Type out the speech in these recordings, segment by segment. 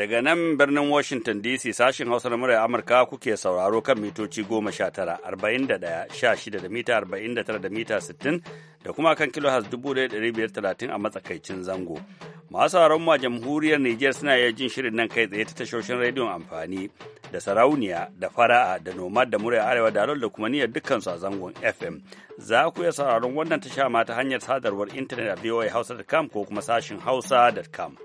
Daga nan birnin Washington DC sashin Hausa na murya Amurka kuke sauraro kan mitoci goma sha da mita arba'in da mita sittin da kuma kan kilo has dubu a matsakaicin zango. Masu sauraron ma jamhuriyar Nijar suna iya jin shirin nan kai tsaye ta tashoshin rediyon amfani da sarauniya da fara'a da nomad da murya arewa da da kuma niyyar dukkansu a zangon FM. Za ku iya sauraron wannan tasha ma ta hanyar sadarwar intanet a voahausa.com ko kuma sashin hausa.com.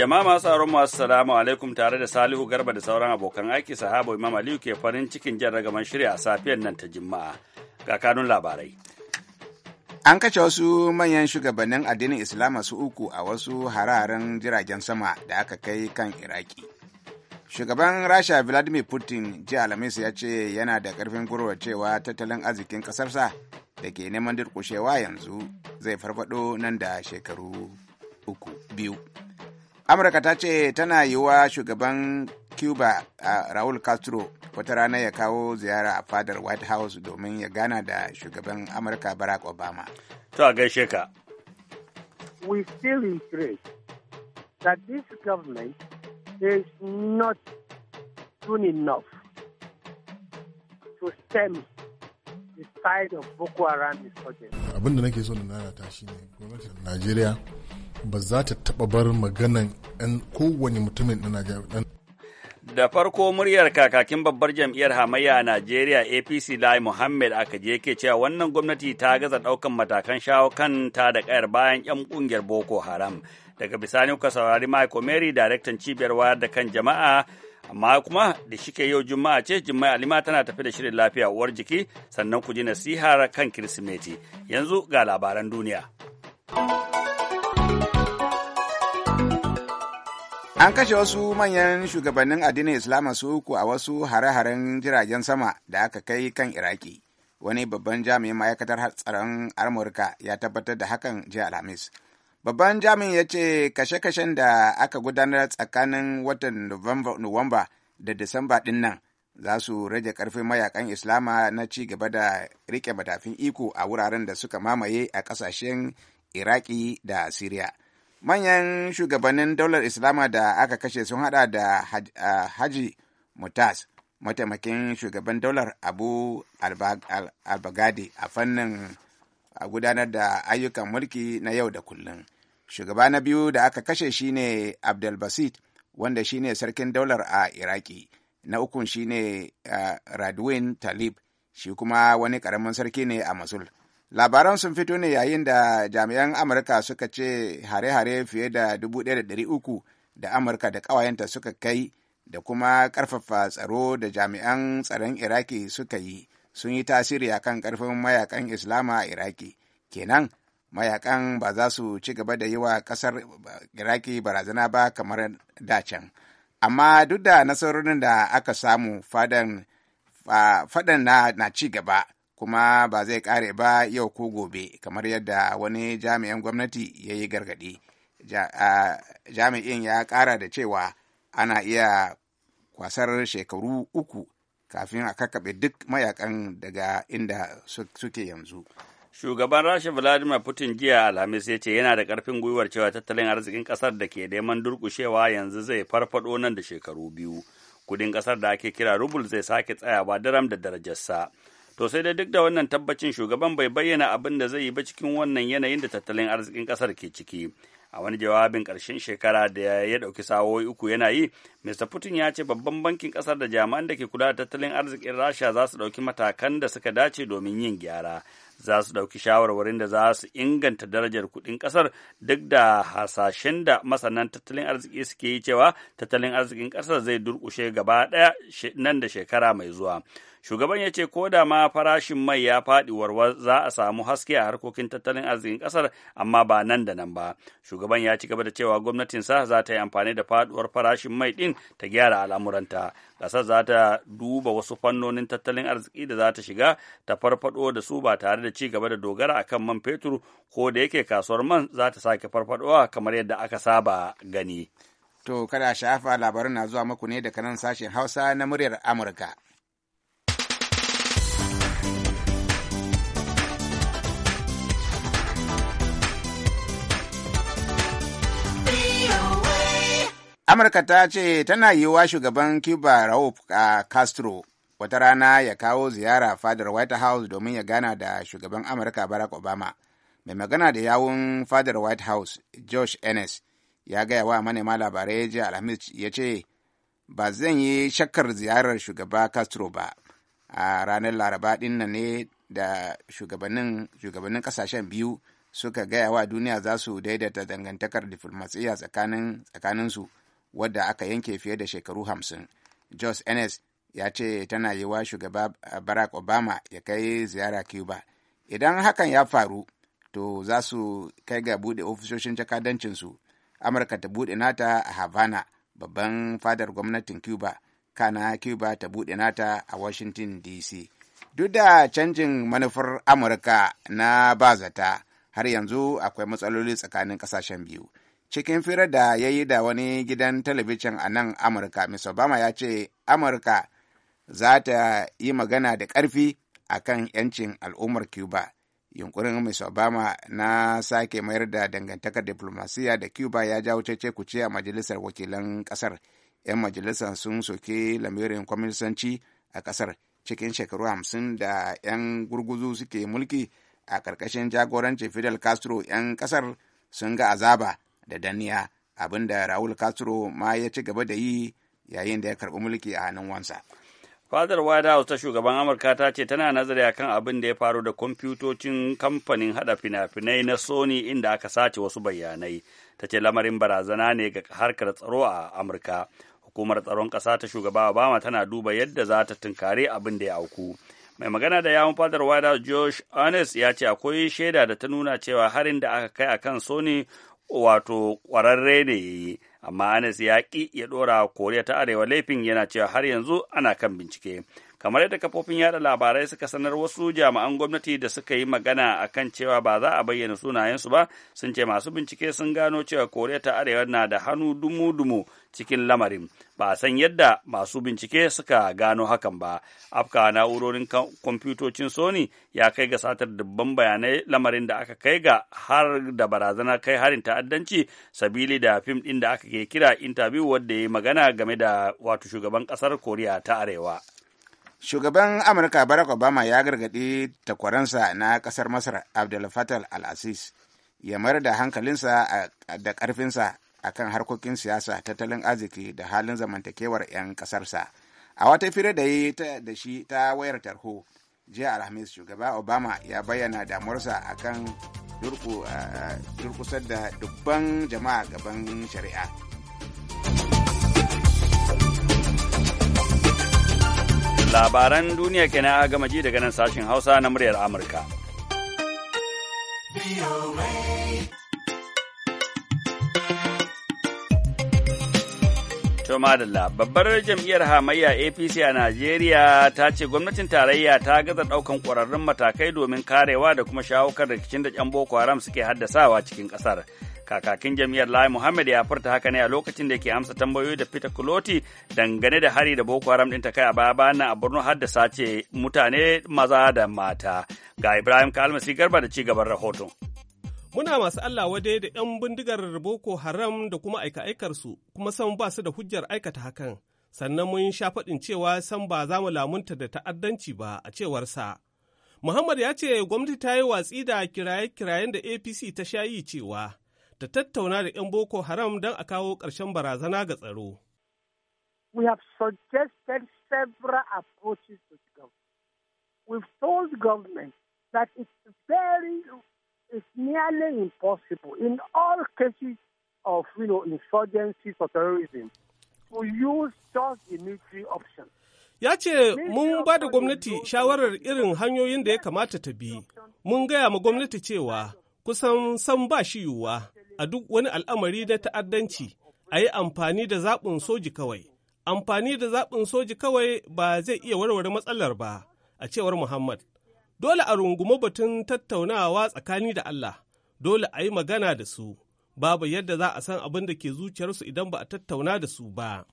Jama'a masu tsaron masu salamu alaikum tare da Salihu Garba da sauran abokan aiki sahabo Imam Aliyu ke farin cikin jan ragaman shirya a safiyar nan ta Juma'a. Ga kanun labarai. An kace wasu manyan shugabannin addinin Islama su uku a wasu hararen jiragen sama da aka kai kan Iraki. Shugaban Rasha Vladimir Putin ji Alhamis ya ce yana da karfin gurwa cewa tattalin arzikin kasarsa da ke neman durkushewa yanzu zai farfado nan da shekaru uku biyu. amurka ta ce tana yiwa shugaban cuba raul castro wata rana ya kawo ziyara a fadar white house domin ya gana da shugaban amurka barack obama to a gaishe ka we still impressed that this government is not soon enough to stem side of Boko Haram Abin da nake so na ta shi ne gwamnatin Najeriya ba za ta taɓa bar maganan ɗan kowane mutumin na Najeriya. Da farko muryar kakakin babbar jam'iyyar hamayya a Najeriya APC Lai Muhammad aka je ke cewa wannan gwamnati ta gaza ɗaukan matakan shawo kanta da ƙayar bayan 'yan ƙungiyar Boko Haram. Daga bisani kuka saurari Michael Mary, daraktan cibiyar wayar da kan jama'a amma kuma da shike yau juma'a ce juma'a lima tana tafi da shirin lafiya uwar jiki sannan ku ji nasihar kan kirsimeti yanzu ga labaran duniya an kashe wasu manyan shugabannin addinin islama su uku a wasu hare-haren jiragen sama da aka kai kan iraki wani babban jami'in ma'aikatar tsaron amurka ya tabbatar da hakan jiya alhamis Babban jami'in ya ce kashe-kashen da aka gudanar tsakanin watan Nuwamba da Disamba ɗin nan za su rage ƙarfin mayakan Islama na ci gaba da riƙe matafin iko a wuraren da suka mamaye a ƙasashen Iraki da syria Manyan shugabannin daular Islama da aka kashe sun hada da Haji mutas mataimakin shugaban daular Abu Albagadi a fannin a gudanar da ayyukan mulki na yau da kullum. Shugaba na biyu da aka kashe shine Abdelbasit wanda shine sarkin daular a Iraki. Na ukun shine uh, Radwin Talib shi kuma wani ƙaramin sarki ne a Masul. Labaran sun fito ne yayin da jami'an Amurka suka ce hare-hare fiye da 1,300 da Amurka da ƙawayenta suka kai da kuma ƙarfafa tsaro da jami'an tsaron Iraki suka yi. sun yi tasiri a kan ƙarfin mayakan islama a iraki kenan mayakan ba za su ci gaba da yi wa kasar iraki barazana ba kamar dacen amma duk da nasarorin da aka samu fadan na, na ci gaba kuma ba zai kare ba yau ko gobe kamar yadda wani jami'in gwamnati ya yi gargadi jami'in ya kara da cewa ana iya kwasar shekaru uku kafin a kakabe duk mayakan daga inda suke yanzu. Shugaban Rasha Vladimir Putin jiya Alhamis ya ce yana da ƙarfin gwiwar cewa tattalin arzikin ƙasar da ke neman durƙushewa yanzu zai farfaɗo nan da shekaru biyu. Kudin ƙasar da ake kira rubul zai sake tsayawa daram da darajarsa. To sai dai duk da wannan tabbacin shugaban bai bayyana abin da zai yi ba cikin wannan yanayin da tattalin arzikin ƙasar ke ciki. a wani jawabin karshen shekara da ya ɗauki sawoyi uku yana yi mr putin ya ce babban bankin ƙasar da jami'an da ke kula da tattalin arzikin rasha za su ɗauki matakan da suka dace domin yin gyara za su ɗauki shawarwarin da za su inganta darajar kuɗin ƙasar duk da hasashen da masanan tattalin arziki suke yi cewa tattalin arzikin ƙasar zai durƙushe gaba ɗaya nan da shekara mai zuwa. Shugaban ya ce ko da ma farashin mai ya faɗi warwar za a samu haske a harkokin tattalin arzikin ƙasar amma ba nan da nan ba. Shugaban ya ci gaba da cewa gwamnatinsa za ta yi amfani da faɗuwar farashin mai ɗin ta gyara al'amuranta. Ƙasar za ta duba wasu fannonin tattalin arziki da za ta shiga ta farfaɗo da su ba tare da ci gaba da dogara a kan man fetur ko da yake kasuwar man za ta sake farfaɗowa kamar yadda aka saba gani. To kada shafa labarin na zuwa muku ne daga nan sashen Hausa na muryar Amurka. Amurka ta ce tana yiwuwa shugaban Cuba Raul a ah, Castro wata rana ya kawo ziyara fadar White House domin ya gana da shugaban Amurka Barack Obama. Mai magana da yawun fadar White House, Josh Ennis, ya gaya wa manema labarai jiya Alhamis ya ce, Ba zan yi shakkar ziyarar shugaba Castro ba, a ranar Laraba ɗin nan ne da shugabannin kasashen biyu suka gaya wa duniya za su daidaita dangantakar diflomasiyya tsakaninsu. wadda aka yanke fiye da shekaru hamsin jos enes ya ce tana yiwa shugaba barack obama ya kai ziyara cuba idan hakan ya faru to za su kai ga buɗe ofisoshin jakadancinsu amurka ta buɗe nata a havana babban fadar gwamnatin cuba kana cuba ta buɗe nata a washington dc duk da canjin manufar amurka na bazata har yanzu akwai matsaloli tsakanin ƙasashen biyu cikin fira da ya yi da wani gidan talabijin a nan amurka miss obama ya ce amurka za ta yi magana da ƙarfi a kan 'yancin al'ummar cuba yunkurin miss obama na sake mayar da dangantakar diplomasiya da cuba ya jawo cece kuce a majalisar wakilan ƙasar 'yan majalisar sun soke lamirin kwamisanci a ƙasar cikin shekaru hamsin da 'yan gurguzu suke mulki a ƙarƙashin jagorancin fidel castro 'yan ƙasar sun ga azaba da danniya abin da raul castro ma ya ci gaba da yi yayin da ya karɓi mulki a hannun wansa fadar white house ta shugaban amurka ta ce tana nazari akan abin da ya faru da kwamfutocin kamfanin hada fina-finai na sony inda aka sace wasu bayanai ta ce lamarin barazana ne ga harkar tsaro a amurka hukumar tsaron ƙasa ta shugaba obama tana duba yadda za ta tunkare abin da ya auku mai magana da yawon fadar white house josh Ernest ya ce akwai shaida da ta nuna cewa harin da aka kai akan sony wato ƙwararre ne ya yi amma anas ya ƙi ya ɗora koriya ta arewa laifin yana cewa har yanzu ana kan bincike kamar yadda kafofin yada labarai suka sanar wasu jami'an gwamnati da suka yi magana a kan cewa ba za a bayyana sunayensu ba sun ce masu bincike sun gano cewa koriya ta arewa na da hannu dumu-dumu cikin lamarin ba a san yadda masu bincike suka gano hakan ba afka na'urorin kwamfutocin sony ya kai ga satar dubban bayanai lamarin da aka kai ga har da barazanar kai harin ta'addanci sabili da fim ɗin da aka ke kira interview wadda ya yi magana game da wato shugaban ƙasar koriya ta arewa Shugaban Amurka Barack Obama ya gargaɗi takwaransa na ƙasar Masar Abdel fatal al-Asis ya mayar da hankalinsa da karfinsa akan harkokin siyasa, tattalin arziki da halin zamantakewar 'yan ƙasarsa. A wata fira da yi da shi ta wayar tarho, jiya Alhamis shugaba Obama ya bayyana damuwarsa akan durkusar da dubban jama'a gaban shari'a. Labaran duniya kenan a gama ji daga nan sashen Hausa na muryar Amurka. babbar jam'iyyar hamayya APC a Najeriya ta ce gwamnatin tarayya ta gaza ɗaukan ƙwararrun matakai domin karewa da kuma shawo kan rikicin da 'yan Boko Haram suke haddasawa cikin ƙasar. kakakin jami'ar lai muhammad ya furta haka ne a lokacin da ke amsa tambayoyi da peter kuloti dangane da hari da boko haram din ta kai a baya bayan a borno har da sace mutane maza da mata ga ibrahim kalmasi garba da ci gaban rahoton muna masu Allah wadai da 'yan bindigar Boko Haram da kuma aika-aikarsu kuma san ba su da hujjar aikata hakan. Sannan mun sha faɗin cewa san ba za mu lamunta da ta'addanci ba a cewar sa. Muhammad ya ce gwamnati ta yi watsi da kiraye-kirayen da APC ta sha yi cewa ta tattauna da 'yan Boko Haram don a kawo ƙarshen barazana ga tsaro. We have suggested several approaches to the government. We've told government that it's very, it's nearly impossible in all cases of, you know, insurgencies or terrorism to use just the military option. Ya ce, Mun ba da gwamnati shawarar irin hanyoyin da ya kamata ta bi, mun gaya ma gwamnati cewa kusan san ba shi yiwuwa a duk wani al'amari na ta'addanci a yi amfani da zaɓin soji kawai. Amfani da zaɓin soji kawai ba zai iya warware matsalar ba, a cewar Muhammad. Dole a rungumi batun tattaunawa tsakani da Allah, dole a yi magana da su, babu yadda za a san abin da ke zuciyarsu idan ba a tattauna da su ba.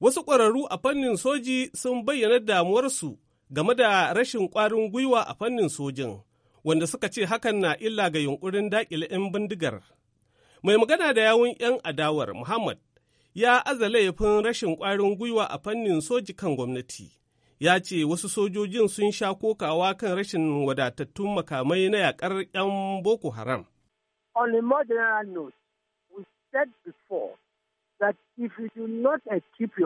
Wasu ƙwararru a fannin soji sun bayyana damuwarsu game da rashin ƙwarin gwiwa a fannin sojin. wanda suka ce hakan na illa ga yunkurin daƙile 'yan bindigar. Mai magana da yawun 'yan adawar Muhammad ya aza laifin rashin ƙwarin gwiwa a fannin soji kan gwamnati. Ya ce wasu sojojin sun sha kokawa kan rashin wadatattun makamai na yaƙar 'yan Boko Haram. On a more general note, we said before that if if you do not motivate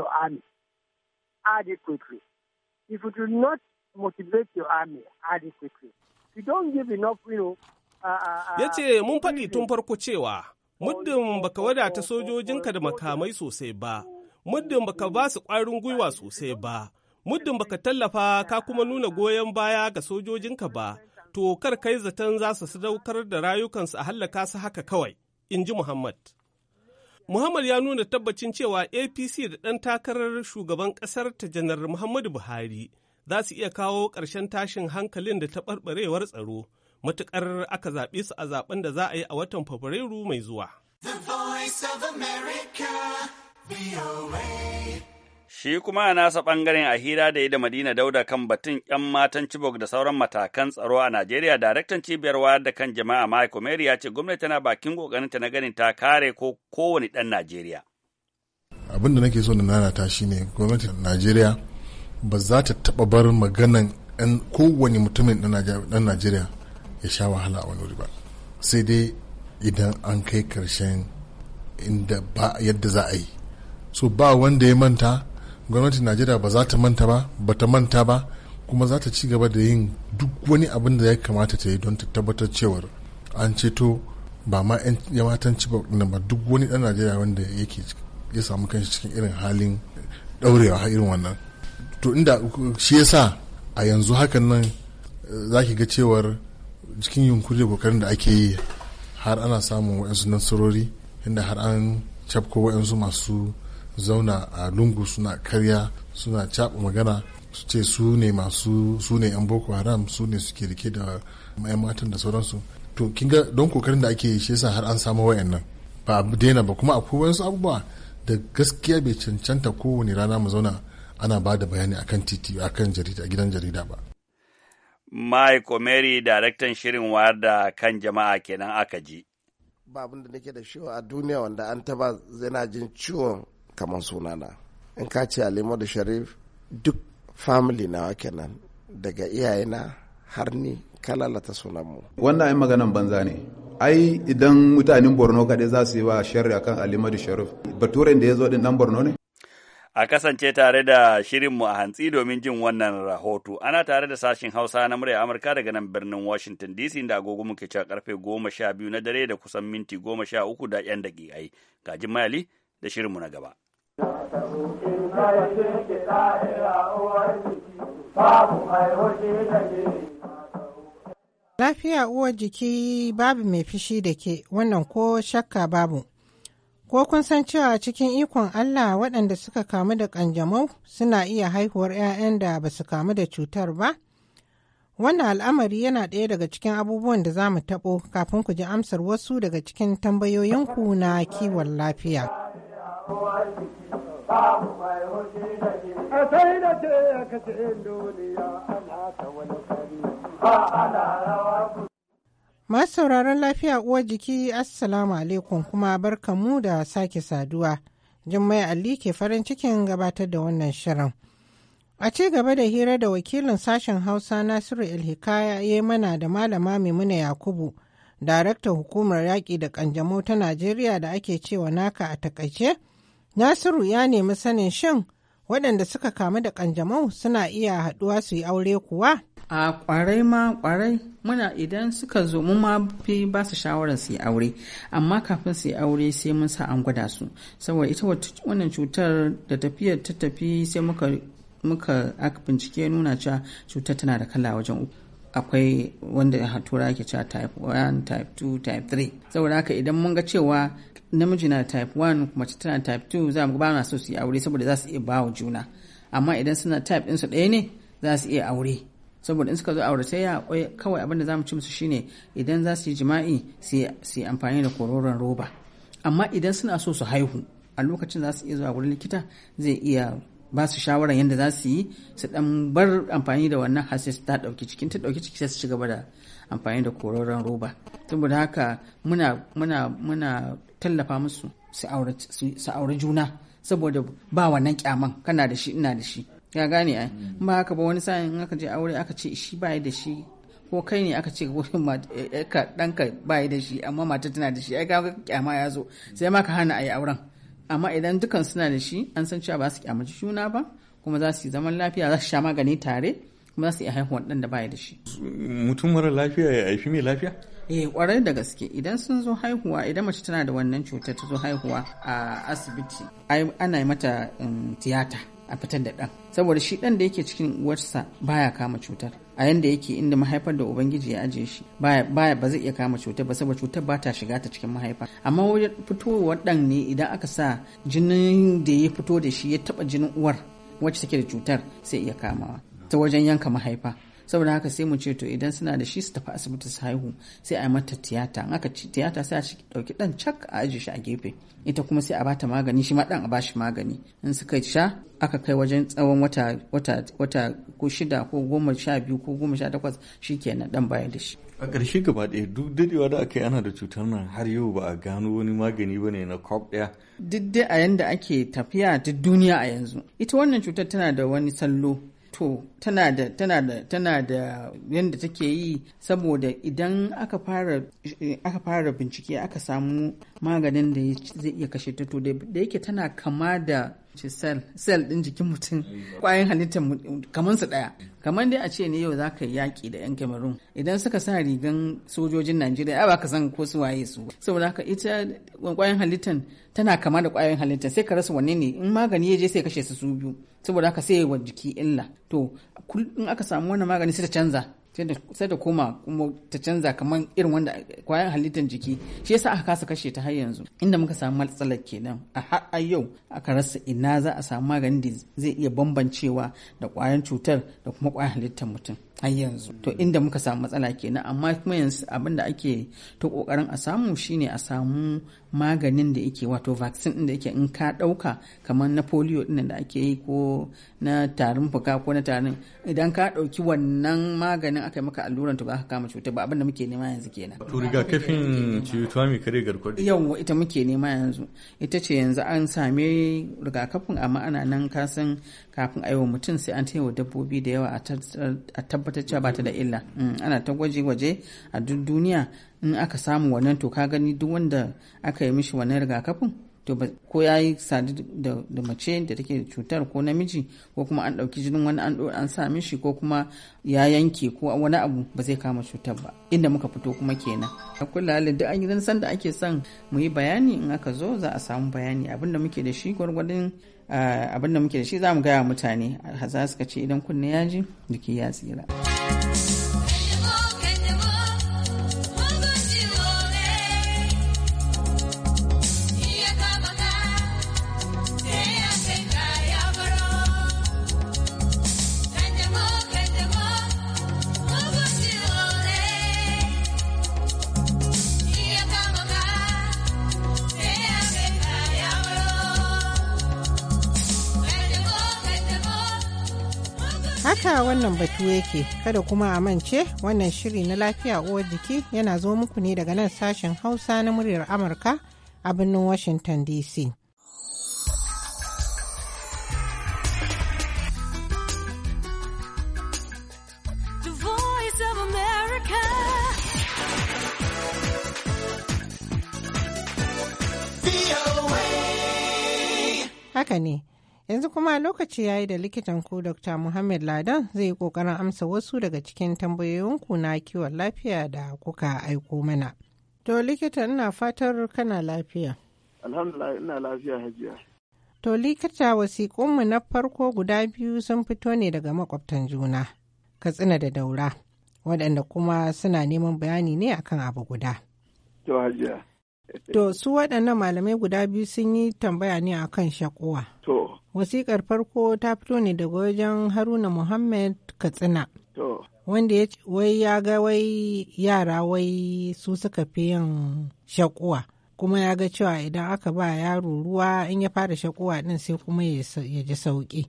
your army adequately, you uh, uh, uh, Ya ce mun faɗi tun farko cewa muddin baka wadata sojojinka da makamai sosai ba, muddin baka ba su ƙwarin gwiwa sosai ba, muddin baka tallafa ka kuma nuna goyon baya ga sojojinka ba, to kar kai zaton za su sadaukar da rayukansu a hallaka su haka kawai, in ji Muhammad. Muhammad ya nuna tabbacin cewa APC da ɗan takarar shugaban ƙasar ta janar Muhammadu Buhari za su iya kawo ƙarshen tashin hankalin da taɓarɓarewar tsaro matuƙar aka zaɓe su a zaɓen da za a yi a watan Fabrairu mai zuwa. Shi kuma a nasa ɓangaren a hira da yi da Madina Dauda kan batun 'yan matan Chibok da sauran matakan tsaro a Najeriya, daraktan cibiyar wayar da kan jama'a Mike Omeri ya ce gwamnati tana bakin ƙoƙarinta na ganin ta kare ko kowane ɗan Najeriya. Abin da nake so na nanata shi ne gwamnatin Najeriya ba za ta taɓa bar maganan ɗan kowane mutumin ɗan najeriya ya sha wahala a wani wuri ba sai dai idan an kai ƙarshen inda ba yadda za a yi so ba wanda ya manta gwamnatin najeriya ba za ta manta ba ba ta manta ba kuma za ta ci gaba da yin duk wani abin da ya kamata ta yi don ta tabbatar cewar an ceto ba ma 'yan yamatan ci ba duk wani dan najeriya wanda yake ya samu kanshi cikin irin halin ɗaurewa irin wannan to inda shi yasa a yanzu hakan nan eh, za ki ga cewar cikin yunkuri kokarin da ake yi har ana samun wa'yansu nasarori inda har an cafko wa'yansu masu zauna a lungu suna karya suna caɓa magana su ce su ne masu su ne yan boko haram su ne suke rike da yan matan da sauransu to kin ga don kokarin da ake yi shi yasa har an samu wayannan ba a daina ba kuma akwai wasu abubuwa da gaskiya bai cancanta kowane rana mu zauna ana ba da bayani a kan titi akan jarida gidan jarida ba Mike Omeri daraktan shirin wayar da kan jama'a kenan aka ji ba abin da nake da shi a duniya wanda an taba zina jin ciwon kamar sunana in ka ce Alimu da Sharif duk family nawa kenan daga iyayena har ni kalalata sunanmu wannan ai maganan banza ne ai idan mutanen borno kaɗai za su yi wa sharri akan da sharif baturen da ya zo din ɗan borno ne A kasance tare da shirinmu a hantsi domin jin wannan rahoto. Ana tare da sashen Hausa na murya Amurka daga nan birnin Washington DC inda agogo muke cewa karfe goma sha biyu na dare da kusan minti goma sha uku da ‘yan daƙiƙai. Ga Jimayali da shirinmu na gaba. Lafiya uwar jiki babu mai fishi da ke wannan ko shakka babu. Ko kun san cewa cikin ikon Allah waɗanda suka kamu da ƙanjamau suna iya haihuwar 'ya'yan da ba su kamu da cutar ba? Wannan al'amari yana ɗaya daga cikin abubuwan da za mu taɓo kafin ku ji amsar wasu daga cikin tambayoyinku na kiwon lafiya. Masu sauraron lafiya uwar jiki Assalamu alaikum kuma 'Barka mu da sake saduwa. Jummai Ali ke farin cikin gabatar da wannan shirin. A ci gaba da hira da wakilin sashen Hausa Nasiru Ilhikaya ya yi mana da malama Maimuna Yakubu, daraktan hukumar yaƙi da ƙanjamau ta Najeriya da ake cewa naka a takaice. Nasiru ya nemi sanin shin waɗanda suka kamu da ƙanjamau suna iya haɗuwa su yi aure kuwa? a kwarai ma kwarai muna idan suka zo mu ma fi ba su shawarar su yi aure amma kafin su yi aure sai mun sa an gwada su saboda ita wannan cutar da tafiyar ta tafi sai muka muka bincike nuna cewa cutar tana da kala wajen uku akwai wanda hatura ke cewa type 1 type 2 type 3 saboda haka idan mun ga cewa namiji na type 1 mace tana type 2 za mu ba na so su yi aure saboda za su iya bawa juna amma idan suna type ɗinsu ɗaya ne za su iya aure saboda in suka zo aure, auratayya kawai abin da za mu ci musu shine idan za su yi jima'i su yi amfani da kororon roba amma idan suna so su haihu a lokacin za su iya zuwa wurin likita zai iya ba su shawarar yadda za su yi su dan bar amfani da wannan hasis ta dauki cikin ta dauki ciki sai su ci gaba da amfani da kororon roba saboda haka muna muna muna tallafa musu su aure juna saboda ba wannan kyaman kana da shi ina da shi ya gane ai hmm. ba haka ba wani sa'in aka je aure aka ce shi bai da shi ko kai ne aka ce eh, ka ɗanka bai da shi amma mata tana da shi ai ga kyama ya zo sai ma ka hana a yi auren amma idan dukan suna da shi an san cewa ba su kyamaci juna ba kuma za su yi zaman lafiya za su sha magani tare kuma za su iya haihuwa ɗan da baya da shi. mutum mara lafiya ya haifi mai lafiya? eh kwarai da gaske idan sun zo haihuwa idan mace tana da wannan cutar ta zo haihuwa a asibiti ana yi mata um, tiyata a fitar da ɗan saboda shi ɗan da yake cikin uwarsa baya kama cutar a yanda yake inda mahaifar da ubangiji ya ajiye shi baya ba zai iya kama cutar ba saboda cutar ba ta shiga ta cikin mahaifa amma wajen fitowar ɗan ne idan aka sa jinin da ya fito da shi ya taɓa jinin uwar wacce take da cutar sai iya kamawa ta wajen yanka mahaifa saboda haka sai mu ce to idan suna da shi su tafi asibiti su haihu sai a yi mata tiyata in aka ci tiyata sai a ci dauki dan cak a ajiye shi a gefe ita kuma sai a bata magani shi ma dan a bashi magani in suka sha aka kai wajen tsawon wata wata wata ko shida ko goma sha biyu ko goma sha takwas shi shikenan dan baya da shi a ƙarshe gaba ɗaya duk dadewa da aka yi ana da cutar nan har yau ba a gano wani magani ba ne na kwab ɗaya duk dai a yanda ake tafiya duk duniya a yanzu ita wannan cutar tana da wani sallo to tana da tana da tana da yanda take yi saboda idan aka fara aka fara bincike aka samu maganin da zai iya kashe ta to da yake tana kama da ce cell cell din jikin mutum kwayan halittar kamar su daya kamar dai a ce ne yau zaka yi yaki da yan Cameroon idan suka sa rigan sojojin Najeriya ba ka san ko su waye su saboda haka ita kwayan halittar tana kama da kwayoyin halittar sai ka rasa wanne ne in magani ya je sai kashe su su biyu saboda haka sai wa jiki illa to in aka samu wannan magani sai ta canza sai da koma kuma ta canza kamar irin wanda kwayan halittar jiki shi yasa aka kasa kashe ta har yanzu inda muka samu matsalar kenan a har a yau aka rasa ina za a samu maganin da zai iya bambancewa da kwayan cutar da kuma kwayan halittar mutum har yanzu to inda muka samu matsala kenan amma kuma yanzu abin da ake ta kokarin a samu shine a samu maganin da yake wato vaccine din da yake in ka dauka kamar na polio din da ake yi ko na tarin fuka ko na tarin idan ka dauki wannan maganin aka yi maka alluran to ba ka kama cuta ba abin da muke nema yanzu kenan to kafin cuta mai kare garkuwa yawa ita muke nema yanzu ita ce yanzu an same rigakafin amma ana nan kasan kafin a yi mutum sai an taya dabbobi da yawa a tabbatar tabbatar cewa bata da illa mm, ana ta gwaje-gwaje a duk duniya in aka samu wannan to ka gani duk wanda aka yi mishi wannan rigakafin to ko ya yi sadu da mace da take da cutar ko namiji ko kuma an ɗauki jinin wani an an sa mishi ko kuma ya yanke ko wani abu ba zai kama cutar ba inda muka fito kuma kenan a kula da duk an san da ake son mu yi bayani in aka zo za a samu bayani abinda muke da shi gwargwadon ah, abinda muke da shi za mu gaya mutane za su ka ce idan kunne ya ji jiki ya tsira. Haka wannan batu yake kada kuma a mance wannan shiri na lafiya uwar jiki yana zo muku ne daga nan sashen Hausa na muryar Amurka a birnin Washington DC. Haka ne. Yanzu kuma lokaci ya yi da likitan ku Dr. Muhammad Ladan zai yi ƙoƙarin amsa wasu daga cikin tambayoyinku na kiwon lafiya da kuka aiko mana. To likita ina fatar kana lafiya. Alhamdulillah ina lafiya hajiya. To likita wasiƙunmu na farko guda biyu sun fito ne daga makwabtan juna, Katsina da Daura, waɗanda kuma suna neman bayani ne akan abu guda. To hajiya. To su waɗannan malamai guda biyu sun yi tambaya ne akan shakuwa. To. Wasikar farko ta fito ne daga wajen Haruna Muhammad Katsina. Wanda ya wai ya ga wai yara wai su suka fi yin shakuwa. Kuma ya ga cewa idan aka ba yaro ruwa in ya fara shakuwa din sai kuma ya ji sauƙi.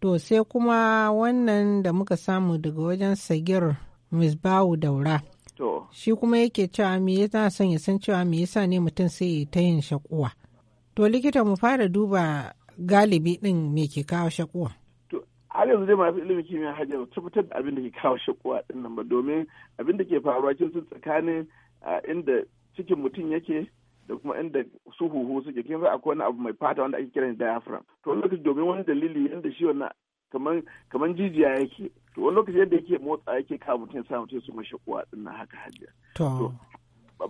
To sai kuma wannan da muka samu daga wajen Sagir Misbahu Daura. Shi kuma yake cewa me ya son ya san cewa me yasa ne mutum sai ta yin shakuwa. To likita mu fara duba galibi din me ke kawo shakuwa? har yanzu dai masu ilimin kimiyya hajji ba tabbatar da abin da ke kawo shakuwa din nan ba domin abin da ke faruwa kin sun tsakanin inda cikin mutum yake da kuma inda su huhu suke kin akwai wani abu mai fata wanda ake kiran diaphragm to wani lokaci domin wani dalili yanda shi wannan kaman kaman jijiya yake to wani lokaci yadda yake motsa yake kawo mutum sa mutum su mashakuwa din nan haka hajji to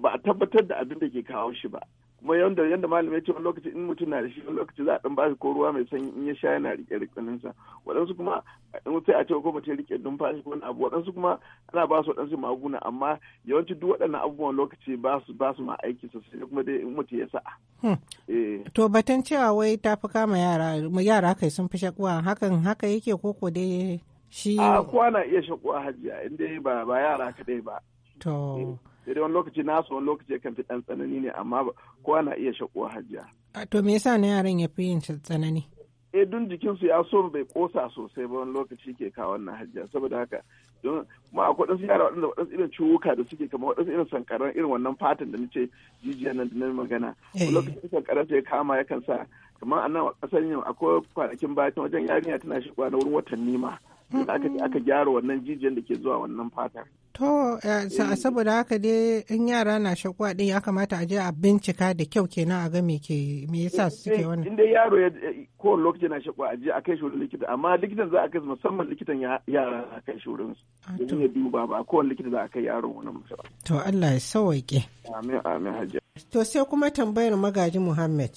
ba a tabbatar da abin da ke kawo shi ba kuma yanda yanda malam ya ce wani lokaci in mutum na da shi wani lokaci za a dan bashi ko ruwa mai sanyi in ya sha yana rike rikinin sa waɗansu kuma in sai a ce ko mutum rike numfashi ko wani abu waɗansu kuma ana ba su waɗansu maguna amma yawanci duk waɗannan abubuwan lokaci ba su ba su ma aiki sosai kuma dai in mutum ya sa hmm. eh. to batun cewa wai ta fi kama yara yara kai sun fi shakuwa hakan haka yake ko dai shi. a kowa na iya shakuwa hajiya in dai ba ba yara kaɗai ba. to. Eh. sai dai wani lokaci nasu wani lokaci yakan fi ɗan tsanani ne amma kowa na iya shakuwa hajiya. a to me yasa na yaran ya fi yin tsanani. eh dun jikinsu ya so bai kosa sosai ba wani lokaci ke kawo wannan hajiya saboda haka don kuma akwai wadansu yara waɗanda waɗansu irin ciwuka da suke kama waɗansu irin sankaran irin wannan fatan da nace jijiya nan da na magana eh. wani lokacin sankaran ta ya kama yakan sa kamar a nan ƙasar yin akwai kwanakin baya wajen yarinya tana shigowa na wurin watanni ma mm. aka aka gyara wannan jijiyan da ke zuwa wannan fatar To, eh, eh. saboda haka dai in yara na shakuwa din ya kamata a je a bincika da kyau kenan a ga me ke me yasa eh, suke wannan. In dai yaro ya ko lokaci na shakuwa a je a kai shi likita amma likitan za a kai musamman likitan yara a kai shi wurin su. Ah, Domin ya duba ba ko likita za a kai yaro wannan musamman. To Allah ya sauwaƙe. Amin amin hajji. To sai kuma tambayar magaji Muhammad.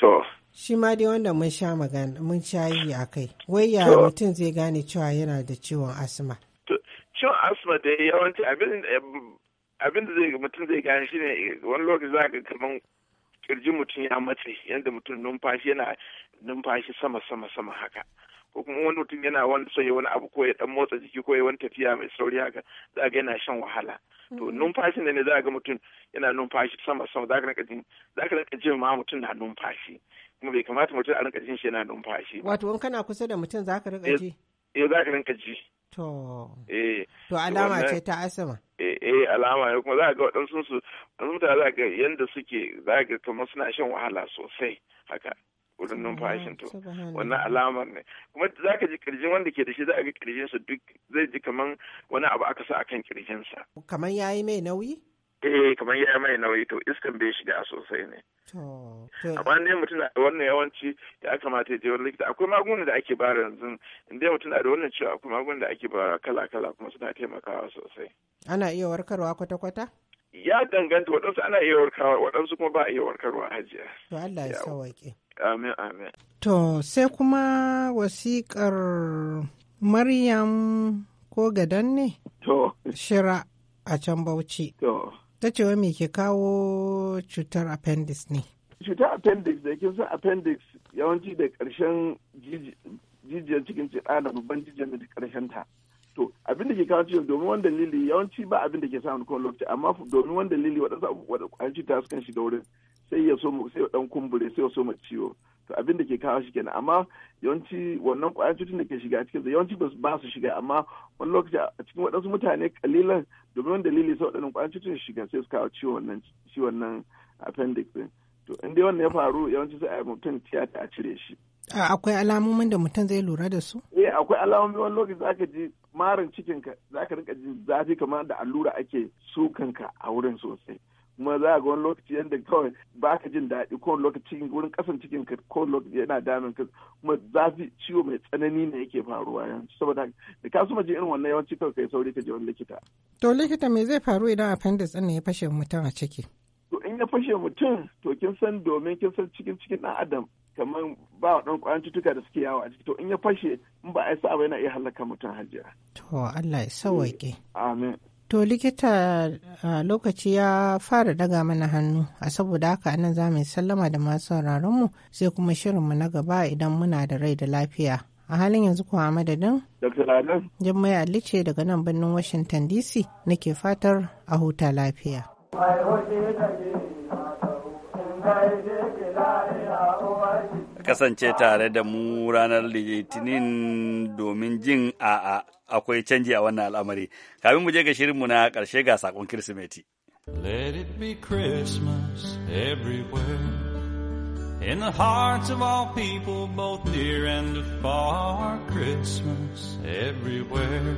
To. Shi ma dai wanda mun sha magana mun sha yi a kai. Wai ya mutum zai gane cewa yana da ciwon asma. cin asma da yawanci abin da zai mutum zai gane shi ne wani lokaci za ka kaman kirji mutum ya mace yadda mutum numfashi yana numfashi sama sama sama haka ko kuma wani mutum yana wani sai wani abu ko ya dan motsa jiki ko ya wani tafiya mai sauri haka za ga yana shan wahala to mm-hmm. numfashin da ne za ga mutum yana numfashi sama sama za ka rinka jin za ka rinka jin ma mutum na numfashi kuma bai kamata mutum a rinka jin shi yana numfashi wato in kana kusa da mutum za ka rinka eh, ji eh za ka rinka ji To. Eh. To alama ce ta asama. Eh, eh alama ne kuma za ga waɗansu su mutane za ga yadda suke za ga kamar suna shan wahala sosai haka wurin numfashin to wannan alamar ne kuma za ka ji kirjin wanda ke da shi za a ga ƙirjinsa duk zai ji kamar wani abu aka sa akan kirjinsa kamar yayi mai nauyi eh kamar ya mai nauyi to iskan bai shiga sosai ne amma ne mutum da wannan yawanci ya kamata ya je wani likita akwai magunguna da ake bara yanzu inda mutum da wannan cewa akwai magunguna da ake bara kala kala kuma suna taimakawa sosai ana iya warkarwa kwata kwata ya danganta waɗansu ana iya warkarwa waɗansu kuma ba a iya warkarwa hajiya to Allah ya sauke amin amin to sai kuma wasiƙar Maryam ko gadan ne to shira a can Bauchi to ta ce me ke kawo cutar appendix ne cutar appendix da kin san appendix yawanci da ƙarshen jijiyar cikin cikin ah, da babban jijiyar da ƙarshen ta to abin da ke kawo ciwon domin wani dalili yawanci ba abin da ke samun kowane lokaci amma domin wani dalili waɗansu abubuwa da cuta sukan shiga wurin sai ya so sai ya ɗan kumbure sai ya so ciwo to abin da ke kawo shi kenan amma yawanci wannan kwayar cutar da ke shiga cikin sa yawanci ba su shiga amma wani lokaci a cikin waɗansu mutane kalilan domin wani dalili sai waɗannan kwayar cutar su shiga sai su kawo ciwon wannan ciwon nan appendix din to in dai wannan ya faru yawanci sai a yi mutum tiyata a cire shi a akwai alamomin da mutum zai lura da su eh akwai alamomi wani lokaci zaka ji marin za ka zaka rinka jin zafi kamar da allura ake sukanka a wurin sosai kuma za ga wani lokaci yadda kawai ba ka jin daɗi ko lokaci wurin kasan cikin ka ko lokaci yana damin ka kuma zafi ciwo mai tsanani ne yake faruwa yanzu saboda da ka suma ji irin wannan yawanci kawai kai sauri ka je wani likita. to likita me zai faru idan appendix ɗin ya fashe mutum a ciki. to in ya fashe mutum to kin san domin kin san cikin cikin ɗan adam kamar ba wa ɗan ƙwayan cutuka da suke yawo a ciki to in ya fashe in ba a yi sa'a yana iya halaka mutum hajiya. to Allah ya sawaƙe. amin. To likita a lokaci ya fara daga mana hannu, a saboda haka anan za mu sallama da masu mu sai kuma shirin mu na gaba idan muna da rai da lafiya. A halin yanzu kuwa madadin? Dr. Adam. Jammai daga nan birnin Washington DC nake fatar a huta lafiya. kasance tare da mu ranar litinin domin jin a akwai canji a wannan al'amari. kafin mu je ga shirinmu na ƙarshe ga sakon Kirsimeti. Let it be Christmas everywhere in the hearts of all people, both near and afar. Christmas everywhere.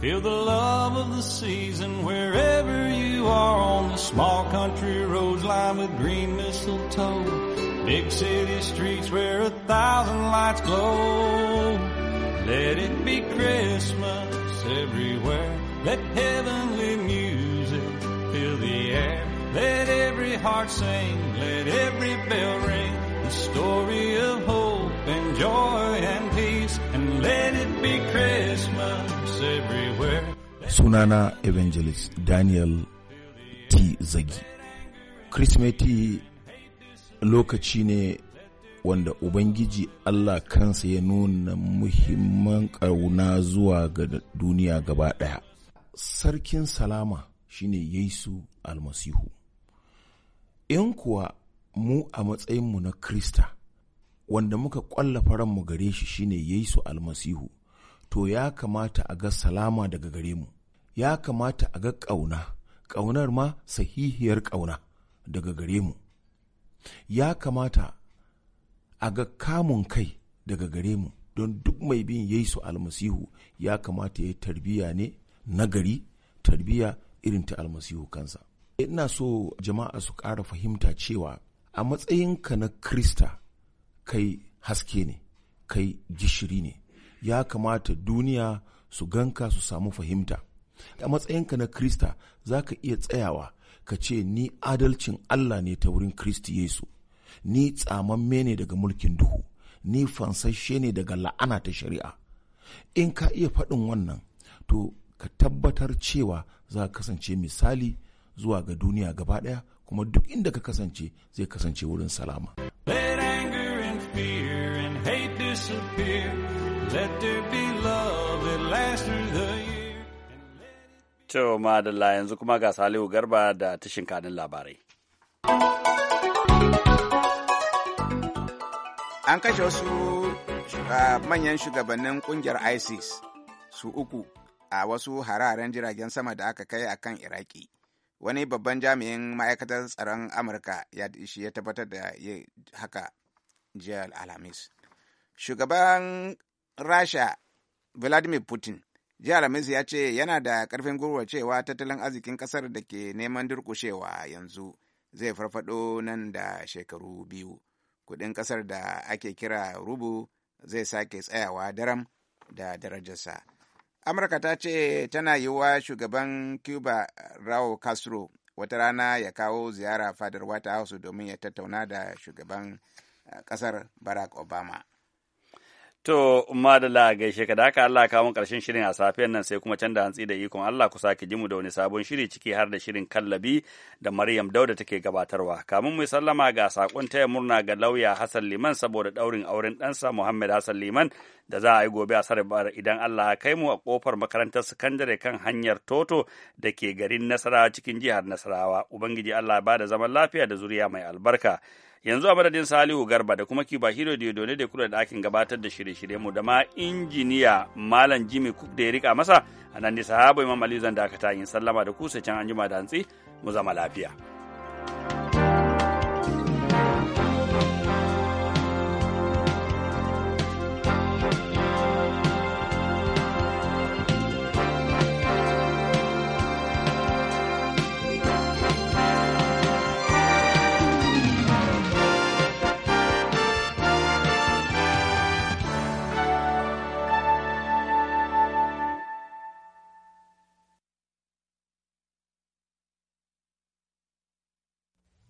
Feel the love of the season wherever you are on the small country roads lined with green mistletoe. Big city streets where a thousand lights glow. Let it be Christmas everywhere. Let heavenly music fill the air. Let every heart sing. Let every bell ring. The story of hope and joy and peace. And let it be Christmas everywhere. Sunana Evangelist Daniel T. Zagi. Kirsimeti lokaci ne wanda Ubangiji Allah kansa ya nuna muhimman ƙauna zuwa ga duniya gaba ɗaya. Sarkin salama shine Yesu almasihu. In kuwa mu a matsayinmu na Krista, wanda muka ƙwallafa ranmu gare shi shine Yesu almasihu, to ya kamata a ga salama daga gare mu, ya kamata a ga ƙauna, ƙaunar ma sahihiyar ƙauna daga gare mu. ya kamata a ga kamun kai daga gare mu don duk mai bin yesu almasihu ya kamata ya tarbiya ne nagari tarbiya irin ta almasihu kansa ina so jama'a su ƙara fahimta cewa a matsayinka na krista kai haske ne kai gishiri ne ya kamata duniya su ganka su samu fahimta a matsayinka na krista za ka iya tsayawa ka ce ni adalcin Allah ne ta wurin Kristi Yesu ni tsamamme ne daga mulkin duhu ni fansashe ne daga la'ana ta shari'a in ka iya faɗin wannan to ka tabbatar cewa za ka kasance misali zuwa ga duniya gaba ɗaya kuma duk inda ka kasance zai kasance wurin salama. Let anger and fear and hate disappear. Let there be To madalla yanzu kuma ga Salihu Garba da tashin kanin labarai. An kashe wasu manyan shugabannin kungiyar ISIS su uku a wasu hararen jiragen sama da aka kai a kan Iraki. Wani babban jami'in ma'aikatar tsaron Amurka ya shi ya tabbatar da haka jiya Alhamis. Shugaban Rasha Vladimir Putin jihar Alhamis ya ce yana da ƙarfin gwiwa cewa tattalin arzikin ƙasar da ke neman durƙushewa yanzu zai farfado nan da shekaru biyu. Kuɗin ƙasar da ake kira rubu zai sake tsayawa daram da darajarsa. Amurka ta ce tana yiwuwa shugaban Cuba Raul Castro wata rana ya kawo ziyara fadar White House domin ya tattauna da shugaban eh, ƙasar Barack Obama. To, madala gaishe ka da haka Allah kawo karshen shirin a safiyan nan sai kuma can da hantsi da ikon Allah ku sake jimu da wani sabon shiri ciki har da shirin kallabi da Maryam Dauda take gabatarwa. Kamun mu sallama ga sakon taya murna ga lauya Hassan Liman saboda ɗaurin auren ɗansa Muhammad Hassan Liman da za a yi gobe a sarabar idan Allah ya kai mu a kofar makarantar sakandare kan hanyar Toto da ke garin Nasarawa cikin jihar Nasarawa. Ubangiji Allah ba da zaman lafiya da zuriya mai albarka. yanzu a madadin salihu garba da kuma kiba hiro diodone da kula da ɗakin gabatar da shirye-shiryen mu da ma injiniya malam jimmy cook da ya rika masa a nan nisa sahaba imam ali zan dakata yin sallama da kusa can anjima da hantsi mu zama lafiya.